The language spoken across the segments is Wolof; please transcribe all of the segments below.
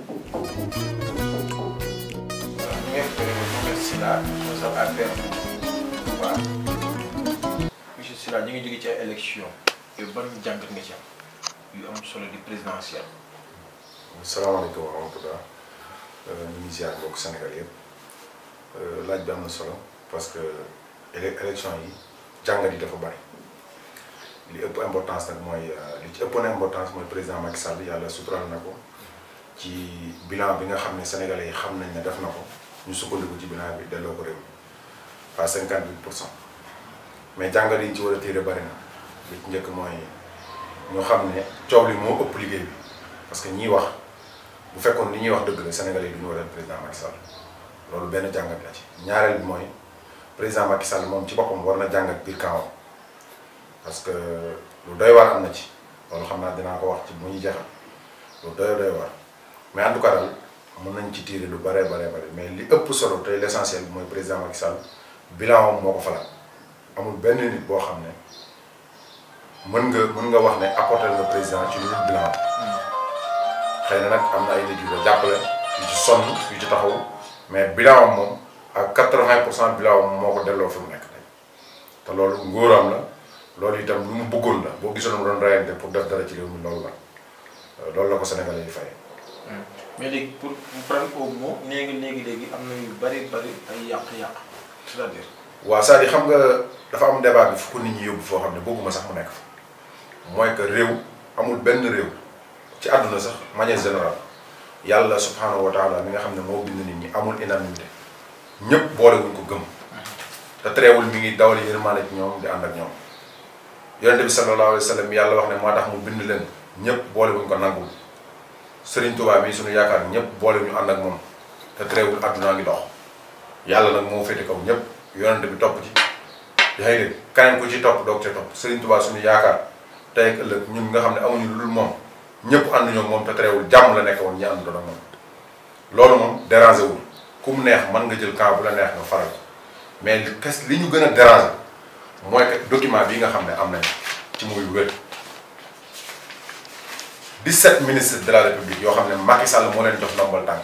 Nous sommes Sila, nous sommes à faire. Monsieur Sila, nous avons eu une élection. Et bonne jangre nga ci yu am solo di présidentielle. salaamaaleykum wa rahmatulah ñu ngi ziar mbokk Sénégal yëpp laaj bi am na solo parce que élection yi jàngat yi dafa bari li ëpp importance nag mooy li ci ëppoon importance mooy président Macky Sall yàlla suturaal na ko. ci bilan bi nga xam ne sénégalais yi xam nañ ne def na ko ñu sukkandiku ci bilan bi delloo ko réew mi à pour mais jàngat yi ci war a tiire bari njëkk mooy ñu xam ne coow li moo liggéey bi parce que ñiy wax bu fekkoon li ñuy wax dëgg la sénégalais yi du ñu war a président Macky loolu benn jàngat la ci ñaareel bi mooy président Macky Sall moom ci boppam war na jàngat biir kaawam parce que lu doy waar am na ci loolu xam naa dinaa ko wax ci mu ñuy jeexal lu doy doy mais en tout cas mën nañ ci tirer lu bare bare bare mais li ëpp solo tey l' essentiel mooy président Macky Sall bilan moo ko falaat amul benn nit boo xam ne mën nga mën nga wax ne apporter nga président ci lu dul bilan na nag am ay nit yu ko jàppale yu ci sonn yu ci taxaw mais bilan moom ak quatre-vingt pour cent bilan moo ko delloo fi mu nekk tey te loolu ngóoram la loolu itam lu mu bëggoon la boo gisoon mu doon rayante pour def dara ci réew mi loolu la loolu la ko Sénégalais yi fay. mais léegi pour prendre au mot nee nga léegi léegi am na ñu bari bari ay yàq-yàq waa saa waaw xam nga dafa am débat bi fu ko nit ñi yóbbu foo xam ne bëgguma sax mu nekk mooy que réew amul benn réew ci àdduna sax manière générale yàlla subhanahu wa taala mi nga xam ne moo bind nit ñi amul unanimité ñëpp boolewuñ ko gëm te tereewul mi ngi dawal yërmaande ci ñoom di ànd ak ñoom yonente bi sallallahu alayhi yàlla wax ne moo tax mu bind leen ñëpp boolewuñ ko nangul. Serigne Touba bi suñu yaakaar ñëpp boole ñu ànd ak moom te tereewul àdduna ngi dox yàlla nag moo féete kaw ñëpp yonent bi topp ci yaa kanam ko ci topp doog ca topp Serigne Touba suñu yaakaar tey ak ëllëg ñun nga xam ne amuñu lu dul moom ñëpp ànd ñoo moom te tereewul jàmm la nekk woon ñi àndoon ak moom. loolu moom déranger wul ku mu neex mën nga jël camp bu la neex nga faral mais li kes li ñu gën a déranger mooy que document bii nga xam ne am nañ ci muy 17 ministres de la république yoo xam ne Macky Sall moo leen jox ndombal tànk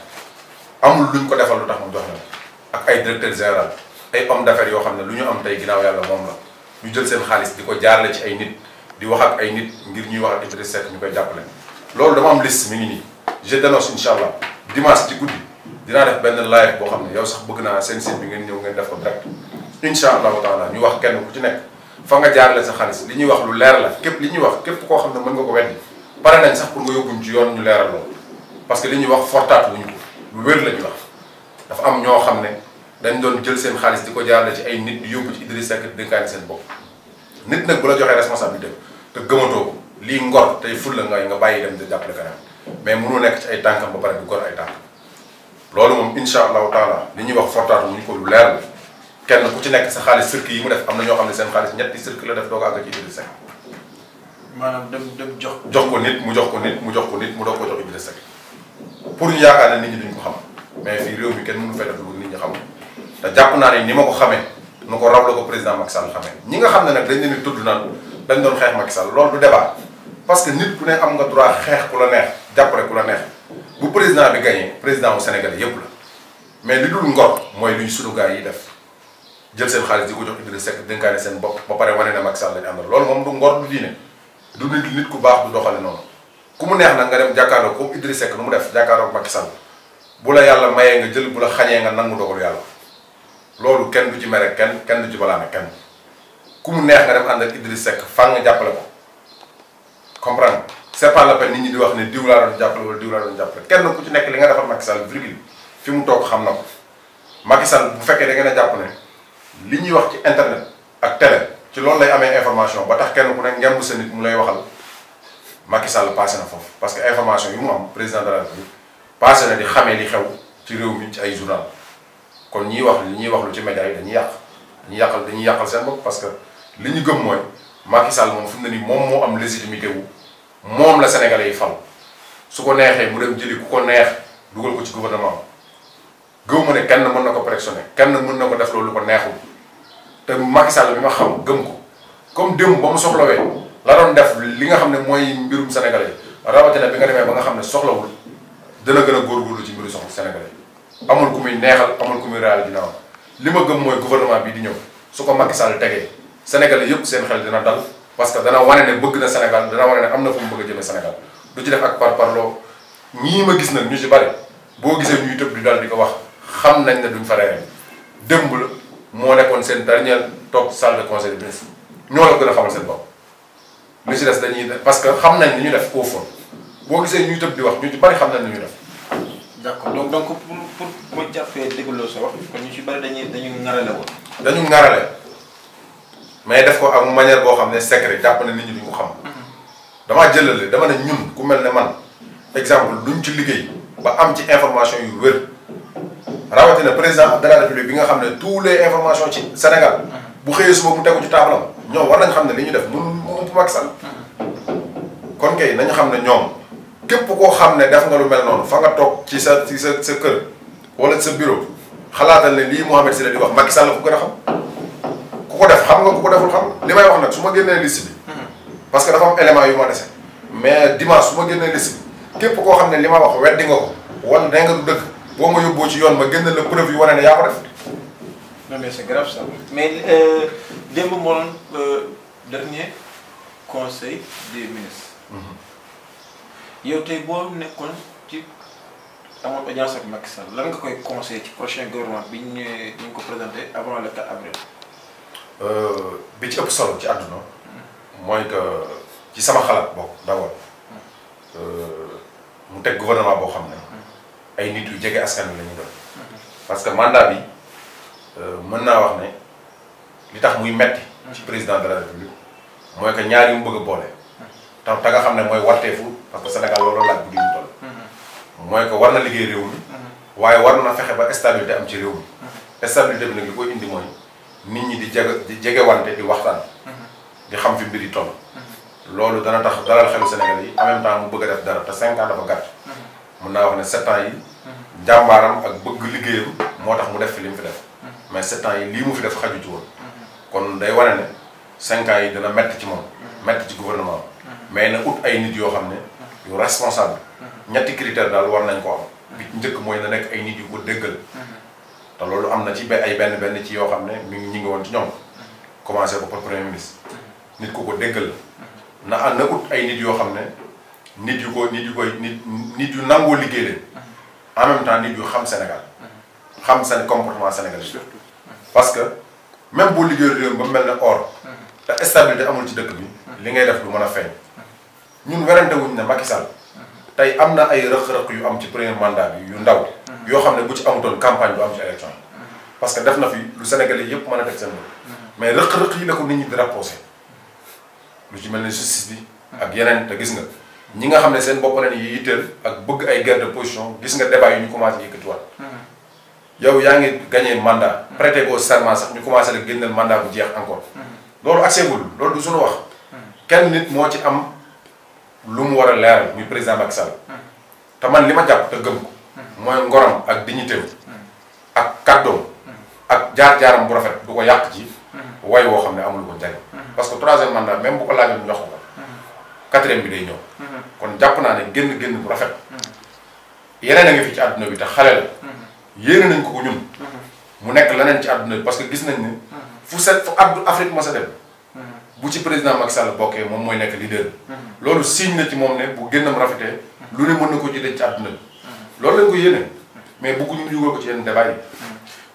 amul luñ ko defal lu tax mu jox leen ak ay directeur général ay homme d'affaires yoo xam ne lu ñu am tey ginnaaw yàlla moom la ñu jël seen xaalis di ko jaarale ci ay nit di wax ak ay nit ngir ñuy wax ak Idrissa Seck ñu koy jàppale. loolu dama am liste mi ngi nii je dénonce incha allah dimanche ci guddi dinaa def benn live boo xam ne yow sax bëgg naa seen site bi ngeen ñëw ngeen def ko direct incha allahu taala ñu wax kenn ku ci nekk nga jaarale sa xaalis li ñuy wax lu leer la li ñuy wax képp koo xam ne mën nga ko weddi pare nañ sax pour nga yóbbuñ ci yoon ñu leeral loolu parce que li ñuy wax fortaat wuñu ko lu wér la ñu dafa am ñoo xam ne dañ doon jël seen xaalis di ko jaarale ci ay nit di yóbbu di dénkaani seen bopp nit nag bu la joxee responsabilité te gëmatoo ko lii ngor tey ful la ngay nga bàyyi dem di jàppale kanam mais mënu nekk ci ay tànkam ba pare du gor ay tànk loolu moom insha allahu taala li ñuy wax fortaat wuñu ko lu leer la kenn ku ci nekk sa xaalis cirque yi mu def am na ñoo xam ne seen xaalis ñetti cirque la def doo ko àgg ci Idrissa Seck maanaam dem dem jox ko. jox ko nit mu jox ko nit mu jox ko nit mu doog ko jox Idrissa pour ñu yaakaar ne nit ñi duñ ko xam mais fii réew mi kenn mënu fay def lu nit ñi xam naa ne ni ma ko xamee nu ko ko président Macky Sall xamee ñi nga xam ne nag dañ leen di tudd naan dañ doon xeex Macky Sall loolu du débat parce que nit ku ne am nga droit xeex ku la neex rek ku la neex bu président bi gagné président wu Sénégal yëpp la mais li dul ngor mooy lu ñu sunu yi def jël seen xaalis di ko jox Idrissa Seck dénkaane seen bopp ba pare wane ne Macky Sall lañ àndal moom du ngor du du nit nit ku baax du doxale noonu ku mu neex nag nga dem jàkkaarloo comme Idrissa Seck nu mu def jàkkaarloo Macky Sall bu la yàlla mayee nga jël bu la xañee nga nangu dogalu yàlla loolu kenn du ci mere kenn kenn du ci balaame kenn ku mu neex nga dem ànd ak Idrissa fan nga jàppale ko comprendre c'est la peine nit wax ne diw laa doon jàppale wala laa doon jàppale kenn ku ci nekk li nga defal Macky Sall virgule fi mu toog xam na ko Macky Sall bu fekkee da ngeen a jàpp ne li ñuy wax ci internet ak télé ci loolu lay amee information ba tax kenn ku nekk ngembul sa nit mu lay waxal Macky Sall passé na foofu parce que information yu mu am président de la République na di xamee li xew ci réew mi ay journal kon ñiy wax li ñuy wax lu ci média yi dañuy yàq dañuy yàqal dañuy yàqal seen bopp parce que li ñu gëm mooy Macky Sall moom fi ne nii moom moo am légitimité wu moom la sénégalais yi fal su ko neexee mu dem jëli ku ko neex dugal ko ci gouvernement gëw ne kenn mën na ko pressionné kenn mën na ko def loolu lu ko neexul. te Macky Sall bi ma xam gëm ko comme démb ba mu soxlawee la doon def li nga xam ne mooy mbirum sénégalais rawatina bi nga demee ba nga xam ne soxlawul dana gën a góorgóorlu ci mbiru soxla sénégalais amul ku muy neexal amul ku muy raal ginnaaw li ma gëm mooy gouvernement bi di ñëw su ko Macky Sall tegee sénégalais yëpp seen xel dina dal parce que dana wane ne bëgg na Sénégal dana wane ne am na fu mu bëgg a jëmee Sénégal du ci def ak par parloo ñii ma gis nag ñu ci boo gisee ñuy tëb di dal di ko wax xam nañ ne duñ fa réer démb la. moo nekkoon seen dernier toog salle conseil des ñoo la gën a xamal seen bopp li ci des dañuy parce que xam nañ li ñu def au fond boo gisee ñuy tëb di wax ñu ci bari xam nañ li ñu def. d' accord donc donc pour pour pour ñu ci bari dañuy dañu ŋarale woon. dañu ŋarale mais def ko ak manière boo xam ne secret jàpp na nit ñi duñ xam. Mhm. damaa jëlale dama ne ñun ku mel ne man exemple duñ ci liggéey ba am ci information yu wér. rawatina président de la république bi nga xam ne tous les informations ci Sénégal bu xëyee suba mu tegu ci taabalam ñoom war nañ xam ne li ñu def mënu mënu Macky Sall kon kay nañ xam ne ñoom képp koo xam ne def nga lu mel noonu fa nga toog ci sa ci sa sa kër wala sa bureau xalaatal ne lii Mouhamed Sylla di wax Macky Sall ku gën a xam ku ko def xam nga ku ko deful xam li may wax nag su ma génnee liste parce que dafa am élément yu ma dese mais dimanche su ma génnee liste képp koo xam ne li ma wax weddi nga ko wala nga dëgg boo ma yóbboo ci yoon ma génne la preuve yu a ne yaa ko def. non mais c'est grave ça mais euh, démb moo dernier conseil des ministres. Mm-hmm. yow tey boo nekkoon ci amoon audience ak Macky Sall lan nga koy conseil ci prochain gouvernement bi ñu ñëwee ñu ko présenté avant le 4 avril. Euh, bi ci ëpp solo ci àdduna. mooy que ci sama xalaat bokk d'abord mm. euh, mu teg gouvernement boo xam ne. ay nit yu jege askan wi la doon parce que mandat bi euh, mën naa wax ne li tax muy metti ci président de la république mooy que ñaar yu mu bëgg boole ta te nga xam ne mooy warteefu parce que Sénégal loolu laaj bu di ñu toll mooy que war na liggéey réew mi waaye war na fexe ba stabilité am ci réew mi stabilité bi nag li koy indi mooy nit ñi di jege di jegewante di waxtaan di xam fi mbir yi toll loolu dana tax daral xelu Sénégal yi en même temps mu bëgg a te cinq ans dafa gàtt naa wax ne sept yi jàmbaaram ak bëgg liggéeyam moo tax mu def fi li mu fi def mais sept ans yi lii mu fi def xaju ci woon kon day wane ne cinq ans yi dina métti ci moom métti ci gouvernement mais na ut ay nit yoo xam ne yu ñetti critère daal war nañ ko njëkk mooy na nekk ay nit yu ko te loolu am na ci ay benn benn ci yoo xam ne mi ngi ñi ngi woon ci ñoom commencé ko par premier nit ku ko déggal na na ay nit yoo xam ne nit yu ko nit yu koy nit nit yu nangoo liggéey leen en même temps nit yu xam Sénégal xam seen comportement sénégalais surtout parce que même boo liggéey réew ba mel ne or te stabilité amul ci dëkk bi li ngay def du mën a feeñ ñun werante wuñ ne Macky Sall tey am na ay rëq-rëq yu am ci premier mandat bi yu ndaw yoo xam ne bu ci amutoon campagne du am ci élection parce que def na fi lu sénégalais yëpp mën a teg seen mais rëq-rëq yi la ko nit ñi di rapproché lu ci mel ne justice bi ak yeneen te gis nga ñi nga xam ne seen bopp la ñuy yitteel ak bëgg ay guerre position gis nga débat yi ñu commencé yëkkatiwaat. Mm-hmm. yow yaa ngi gagné mandat. Mm-hmm. prêté ko serment sax ñu commencé la génneel mandat bu jeex encore. Mm-hmm. loolu accégul loolu du suñu wax. kenn nit moo ci am lu mu war a leeral muy président Macky Sall. te man li ma jàpp te gëm ko. mooy ngoram ak dignitéem ak kàddoom. ak jaar-jaaram bu rafet du ko yàq ci. way woo xam ne amul ko njariñ. parce que troisième mandat même bu ko laajoon quatrième bi day ñëw. Mhm. kon jàpp naa ne génn génn bu rafet. Mhm. yeneen a ngi fi ci àdduna bi te xale la. Mhm. yéene nañ ko ko ñun. mu nekk leneen ci àdduna bi parce que gis nañ ne. fu set fu abdu Afrique ma sa dem. bu ci président Macky Sall bokkee moom mooy nekk leader. loolu signe na ci moom ne bu génnam rafetee. lu ne mën na ko jëlee ci àdduna bi. loolu lañ ko yéene. mais bëgguñu ñu yóbboo ko ci yenn débat yi.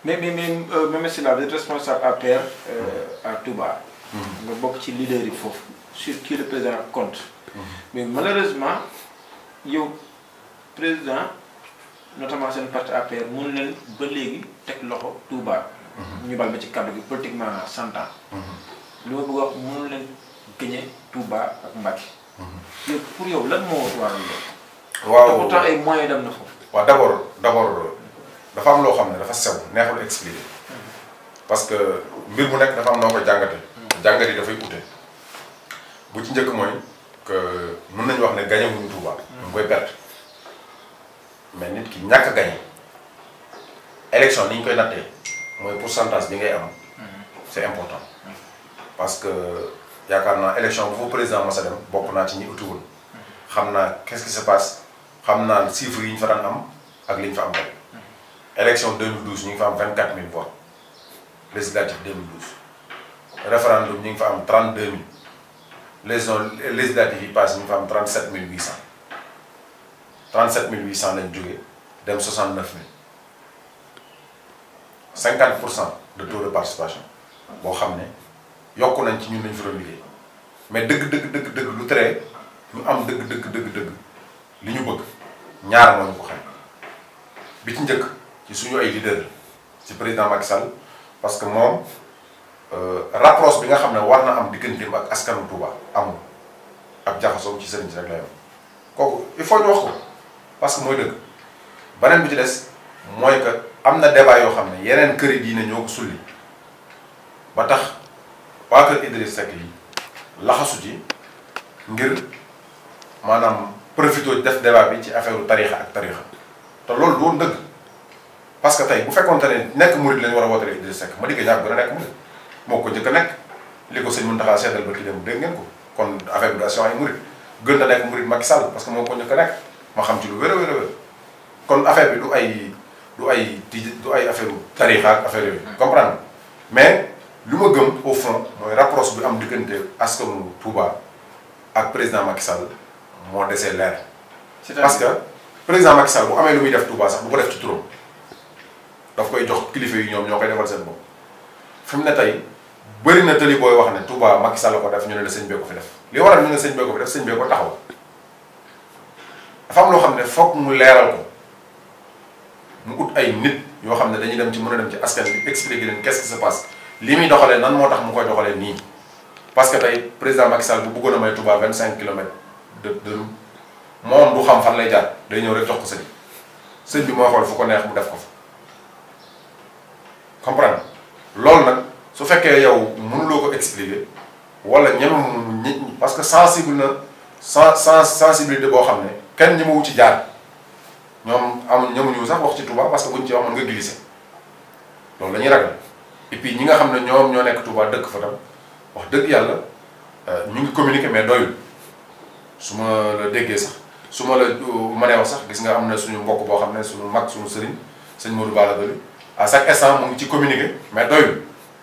mais mais mais euh, monsieur Sylla vous êtes responsable APR euh, à Touba. nga foofu. sur qui le président compte. Mmh. Uh-huh. Mais malheureusement, le président, notamment son parti APR, il a ba léegi tek loxo Touba. Uh-huh. Ñu bal ma ci cadre politiquement 100 ans. Lu wax mënu leen gagné Touba ak Mbacké. Uh-huh. Yow pour yow lan moo waral loolu. waaw d' abord dafa am loo xam ne dafa sew neexul expliquer. parce que mbir mu nekk dafa am noo ko jàngate. jàngat yi dafay ute. bu ci njëkk mooy que mën nañu wax ne gagné wuñu Touba. ñu mm. koy perte mais nit ki ñàkk a gagné élection ni ñu koy nattee mooy pourcentage bi ngay am. Mm. c'est important parce que yaakaar naa élection bu fa président Massa dem naa ci ñi utiwul mm. xam naa qu'est-ce qui se passe xam naa chiffres yi ñu fa am ak li ñu fa am rek. élection 2012 ñu ngi fa am 24000 voix législative 2012 référendum ñu ngi fa am 32000. les législatives yi passé ñu fa am 37 800 37 800 lañ jógee dem 69 000 50 pour cent de taux de participation boo xam ne yokk nañ ci ñun lañ fa liggéey mais dëgg dëgg dëgg dëgg lu tere ñu am dëgg dëgg dëgg li ñu bëgg ñaar moo ñu ko xam bi ci njëkk ci suñu ay leader ci président Macky Sall parce que moom. Euh, rapproche bi nga xam ne war na am digganteem ak askanu Touba amul ab jaxasoo ci seen si rek la yam il faut ñu wax ko que mooy dëgg beneen bi ci des mooy que am na débat yoo xam ne yeneen këri diine ñoo ko sulli ba tax waa kër Idriss Seck yi laxasu ci ngir maanaam profité def débat bi ci affaire tarixa ak tarixa te loolu doon dëgg parce que tey bu fekkoonte ne nekk murid lañu war a wootale Idriss Seck ma digg ñàkk gën a nekk murid moo ko jëkk a nekk li ko sëñ Mountakha seetal ba ki dem dégg ngeen ko kon affaire bi du association ay murit gën na nekk murit Macky Sall parce que moo ko njëkk nekk ma xam ci lu wér a wér a wér kon affaire bi du ay du ay du ay affaire tarixa ak affaire yooyu mm. comprendre mais lu ma gëm au fond mooy rapproche bi am diggante askanu Touba ak président Macky Sall moo desee leer parce que président Macky Sall bu amee lu muy def Touba sax bu ko def ci turam daf koy jox kilifa yi ñoom ñoo koy defal seen bopp fi mu ne tey bëri na tëli booy wax ne Touba Macky Sall ko def ñu ne la sëñ bee ko fi def li waral ñu ne sëñ bee ko fi def sëñ bee ko taxaw dafa am loo xam ne foog mu leeral ko mu ut ay nit yoo xam ne dañuy dem ci mën a dem ci askan bi expliquer leen qu'est-ce qui se passe li muy doxalee nan moo tax mu koy doxalee nii parce que tey président Macky Sall bu bëggoon a may Touba 25 kilomètres de de moom du xam fan lay jaar day ñëw rek jox ko sëñ bi sëñ bi mooy xool fu ko neex mu def ko fa comprendre loolu su fekkee yow mënuloo ko expliquer wala ñemewul nit ñi parce que sensible na sen sen sensibilité boo xam ne kenn ñemewu ci jaar ñoom amul ñemuñu sax wax ci Touba parce que buñ ci wax mën nga glisser loolu la ñuy ragal et puis ñi nga xam ne ñoom ñoo nekk Touba dëkk fa tam wax dëgg yàlla euh, ñu ngi communiquer mais doyul su ma la déggee sax su ma la euh, mënee wax sax gis nga am na suñu mbokk boo xam ne suñu mag suñu sëriñ sëñ Modou Bala Doli à chaque instant mu ci communiquer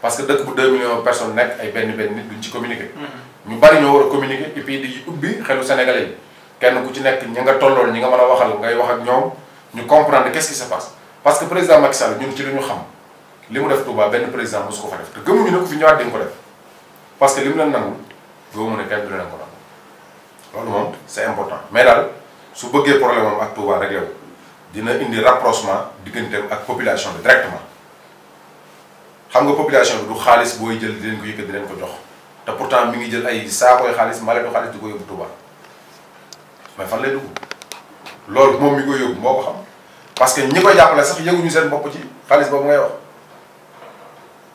parce que dëkk bu 2 millions personnes nekk ay benn benn nit duñ ci communiquer. Mm-hmm. ñu bari ñoo war a communiquer et di ubbi xelu sénégalais yi kenn ku ci nekk ñi nga tollool ñi nga mën a waxal ngay wax ak ñoom ñu comprendre qu'est-ce se passe parce que président Macky Sall ñun ci lu ñu xam li mu def Touba benn président mosu ko fa def te gëmuñu ne fi ñëwaat di ko def parce que li mu leen nangu gëmu ko loolu moom c'est important mais daal su bëggee problème am ak Touba réglé wu dina indi rapprochement ak population bi directement. xam nga population bi du xaalis booy jël di leen ko yëkkat di leen ko jox te pourtant mi ngi jël ay saakooy xaalis maletu xaalis di ko yóbbu Touba mais fan loolu moom mi ko yóbbu moo parce que ñi ko jàppale sax yëguñu seen bopp ci xaalis boobu ngay wax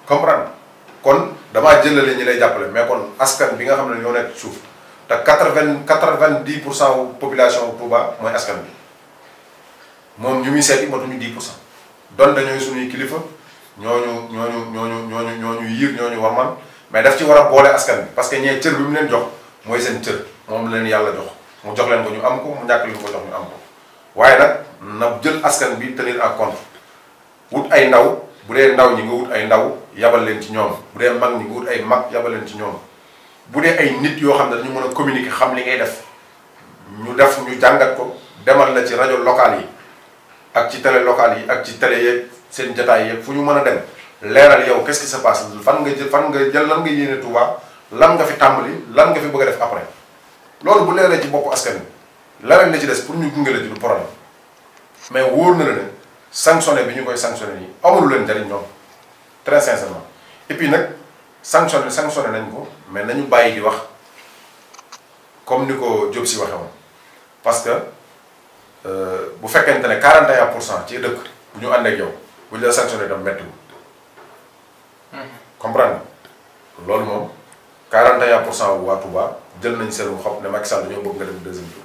comprendre kon damaa jëlale ñi lay jàppale mais kon askan bi nga xam ne ñoo nekk suuf te quatre vingt quatre vingt dix pour cent population Touba mooy askan bi moom ñu muy seeti matuñu dix pour cent doon dañooy suñuy kilifa. ñooñu ñooñu ñooñu ñooñu ñooñu yiir ñooñu war man mais daf ci war a boole askan bi parce que ñee cër bi mu leen jox mooy seen cër moom la leen yàlla jox mu jox leen ko ñu am ko mu ñàkk leen ko jox ñu am ko waaye nag na jël askan bi tenir en compte wut ay ndaw bu dee ndaw ñi nga wut ay ndaw yabal leen ci ñoom bu dee mag ñi nga wut ay mag yabal leen ci ñoom bu dee ay nit yoo xam ne dañu mën a communiquer xam li ngay def ñu def ñu jàngat ko demal la ci rajo locale yi ak ci télé locale yi ak ci télé yeeg seen jataay yeeg fu ñu mën a dem leeral yow qu'est-ce qui se passe fan nga jël fan nga jël lan nga yéene Touba lan nga fi tàmbali lan nga fi bëgg a def après loolu bu leeree ci bopp askan wi leeral la ci des pour ñu gunge la ci du problème mais wóor na la ne sanctionné bi ñu koy sanctionné nii amul leen njariñ ñoom très sincèrement et puis nag sanctionné sanctionné nañ ko mais nañu bàyyi di wax comme ni ko Diop si waxee parce que euh, bu fekkente ne 41 pour cent ci dëkk bu ñu yow. bu ñu la sanctionné tam méttiwul. Hmm. comprendre loolu moom 41 pour cent waa Touba jël nañ seen xob ne Macky Sall dañoo bëgg nga dem deuxième tour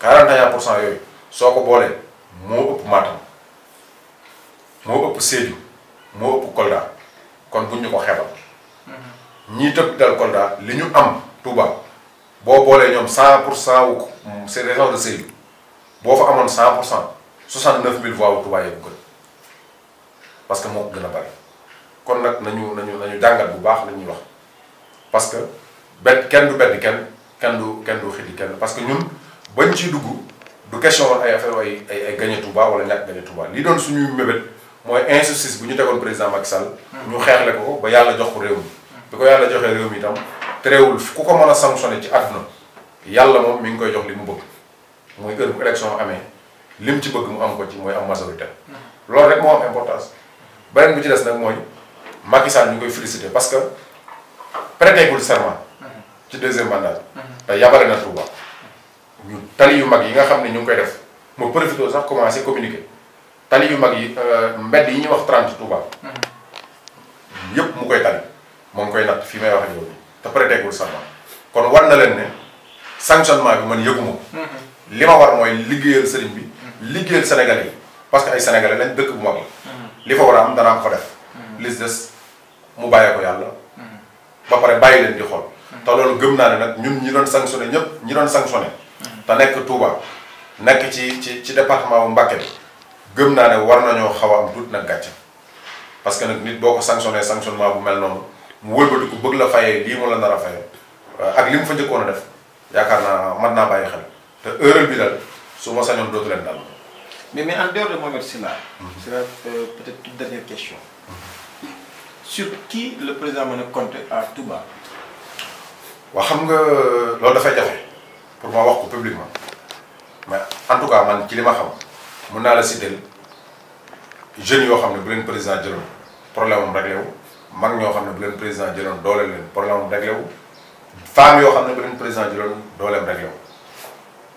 41 pour cent yooyu soo ko boolee moo ëpp Matam moo ëpp Sédhiou moo ëpp Kolda kon bu ñu ko xebal. Hmm. ñii tëb dal Kolda li ñu am Touba boo boolee ñoom 100 pour cent wu c'est boo fa amoon 100 pour cent 69000 voix wu Touba yëpp gën. parce que moo gën a bari kon nag nañu nañu nañu jàngat bu baax la ñuy wax parce que bett kenn du bett kenn kenn du kenn du xili kenn parce que ñun bañ ci dugg du question woon ay affaire ay ay ay gagné Touba wala ñàkk gagné Touba li doon suñuy mébét mooy injustice bu ñu tegoon président Macky Sall. ñu hmm. xeexle ko ba yàlla jox ko réew mi. bi ko yàlla joxee réew mi itam terewul ku ko mën a sanctionné ci àdduna yàlla moom mi ngi koy jox li mu bëgg mooy heure bu élection amee lim ci bëgg mu am ko ci mooy am majorité hmm. loolu rek moo am beneen bi ci des nag mooy Macky Sall ñu koy félicité parce que prêté gul serment ci deuxième mandat mhm. te yabale na Touba ñu tali yu mag yi nga xam ne ñu ngi koy def moo profité sax commencé communiquer tali yu mag yi euh, mbedd yi ñuy wax 30 Touba mhm. yëpp mu koy tali moom koy natt fii may wax ak yow te prêté gul kon war na leen ni sanctionnement bi man yëguma ko mhm. li ma war mooy liggéeyal sëriñ bi liggéeyal sénégal yi parce que ay sénégalais lañ dëkk bu mag li fa war a am danaa ko fa def. Mm-hmm. li des mu bàyyee ko la mm-hmm. ba pare bàyyi leen di xool. Mm-hmm. te loolu gëm naa ne nag ñun ñi doon sanctionné ñëpp ñi doon sanctionné. te nekk Touba nekk ci ci ci département bu Mbacké bi gëm naa ne war nañoo xaw a am tuuti nag gàcce parce que nag nit boo ko sanctionné sanctionnement bu mel noonu mu wëlbatiku bëgg la fayee lii mu la nar a fayee ak li mu fa njëkkoon a def yaakaar naa mën naa bàyyi xel te erreur bi daal su ma sañoon mais mais en dehors de si Sylla. c'est la euh, peut-être toute dernière question. su qui le président mën a compter à Touba. waaw xam nga loolu dafay jafe pour ma wax ko publiquement mais en tout cas man ci li ma xam mun naa la citer jeunes yoo xam ne bu leen président jëloon problème am réglé wu mag ñoo xam ne bu leen président jëloon dooleel leen problème am wu femmes yoo xam ne bu leen président jëloon dooleem réglé wu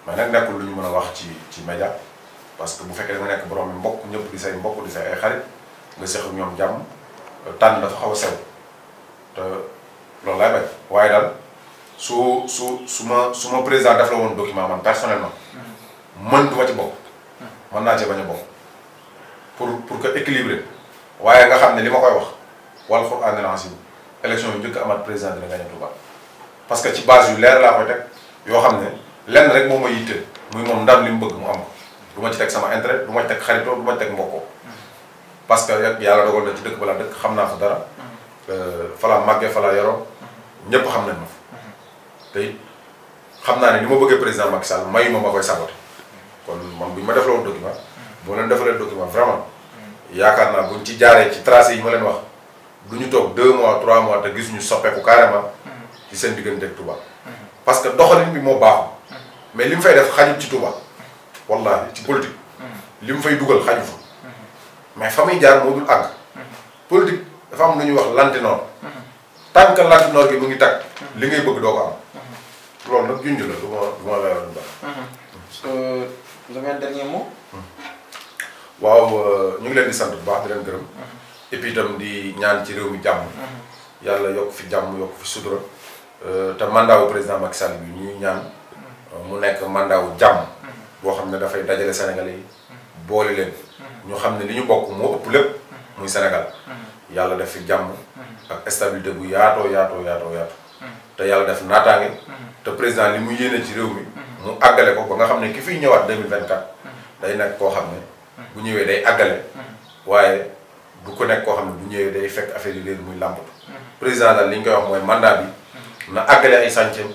mais nag nekkul lu ñu mën a wax ci ci média. parce que bu fekkee danga nekk borom mbokk ñëpp di say mbokk di say ay xarit nga seq ñoom jàmm tànn dafa xaw a sew te loolu laay bañ waaye daal su su su ma su ma président def la woon document man personnellement mën du ma ci bokk mën naa ci bañ a bokk pour pour que équilibré waaye nga xam ne li ma koy wax wal Qur'aan al-aziim élection yu njëkk amat président dina gañ a Touba parce que ci base yu leer laa koy teg yoo xam ne lenn rek moom ma yitte muy moom am du ma ci teg sama intérêt du ma ci xaritoo du ma ci teg mbokkoo parce que yàlla dogal na ci dëkk balaa dëkk xam naa fa dara euh, falaa màggee falaa yoroo ñépp xam nañ ma fa te xam naa ne ni ma bëggee président Macky Sall mayu ma ma koy saboté kon man bu ñu ma defloo woon document boo leen defalee document vraiment yaakaar naa buñ ci jaaree ci tracé yi ma leen wax du ñu toog deux mois trois mois te gisuñu soppeeku carrément ci seen diggante ak Touba que doxalin bi moo baaxul mais li mu fay def xajut ci Touba wallaahi ci politique. Mm-hmm. li mu fay dugal xaju fa. Mm-hmm. mais fa jaar moo dul àgg. Mm-hmm. politique dafa am lu ñuy wax lantinoor. tant que lantinoor gi mu ngi tàgg. li ngay bëgg doo ko am. loolu nag junj la du ma du euh, ñu ngi leen di sant bu baax di leen di ñaan ci réew mi jàmm. yàlla yokk fi jàmm yokk fi sutura. Euh, te mandat wu président Macky Sall bi ñuy ñaan. mu nekk mandat wu jàmm. boo xam ne dafay dajale Sénégalais yi boole leen ñu xam ne li ñu bokk moo ëpp lépp muy Sénégal yàlla def fi jàmm ak stabilité bu yaatoo yaatoo yaatoo yaatoo te yàlla def naataange te président li mu yéene ci réew mi mu àggale ko ba nga xam ne ki fiy ñëwaat 2024 day nekk koo xam ne bu ñëwee day àggale waaye bu ko nekk koo xam ne bu ñëwee day fekk affaire yi réer muy làmbatu président daal li ñu koy wax mooy mandat bi na àggale ay sàncem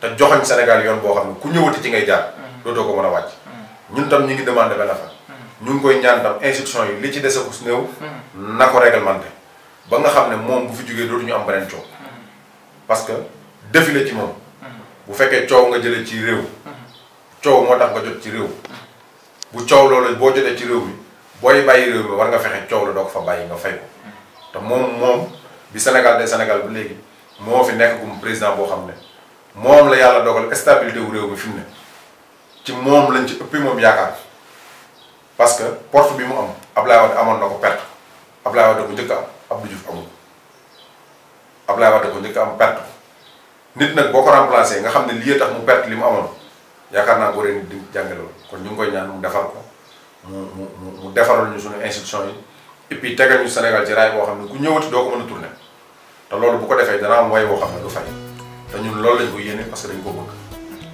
te joxañ Sénégal yoon boo xam ne ku ñëwati ci ngay jaar dootoo ko mën a wàcc. ñun tam ñu ngi demandé benn affaire ñu ngi koy ñaan tam institution yi li ci des a ko néew. na ko réglementé ba nga xam ne moom bu fi jógee ñu am beneen coow. parce que défilé ci moom. bu fekkee coow nga jëlee ci réew. coow moo tax nga jot ci réew. bu coow loolu boo jotee ci réew mi booy bàyyi réew mi war nga fexe coow la doo ko fa bàyyi nga fay ko. te moom moom bi Sénégal de Sénégal bu léegi moo fi nekk gum président boo xam ne moom la yàlla dogal stabilité wu réew mi fi ci moom lañ ci ëppi moom yaakaar parce que porte bi mu am Ablaye Wade amoon na ko perte Ablaye Wade ko njëkk am Abdou Diouf amul Ablaye Wade ko njëkk am perte nit nag boo ko remplacé nga xam ne lii tax mu perte li mu amoon yaakaar naa ko ren di jàngale woon kon ñu ngi koy ñaan mu defar ko mu mu mu defaral ñu suñu institution yi et puis tegal ñu Sénégal ci raay boo xam ne ku ñëwati doo ko mën a tourné te loolu bu ko defee dana am way boo xam ne du fay te ñun loolu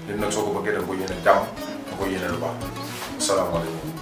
nit nag soo ko bëggee da nga koy yéene jàmm da nga koy yéene lu baax asalaamaaleykum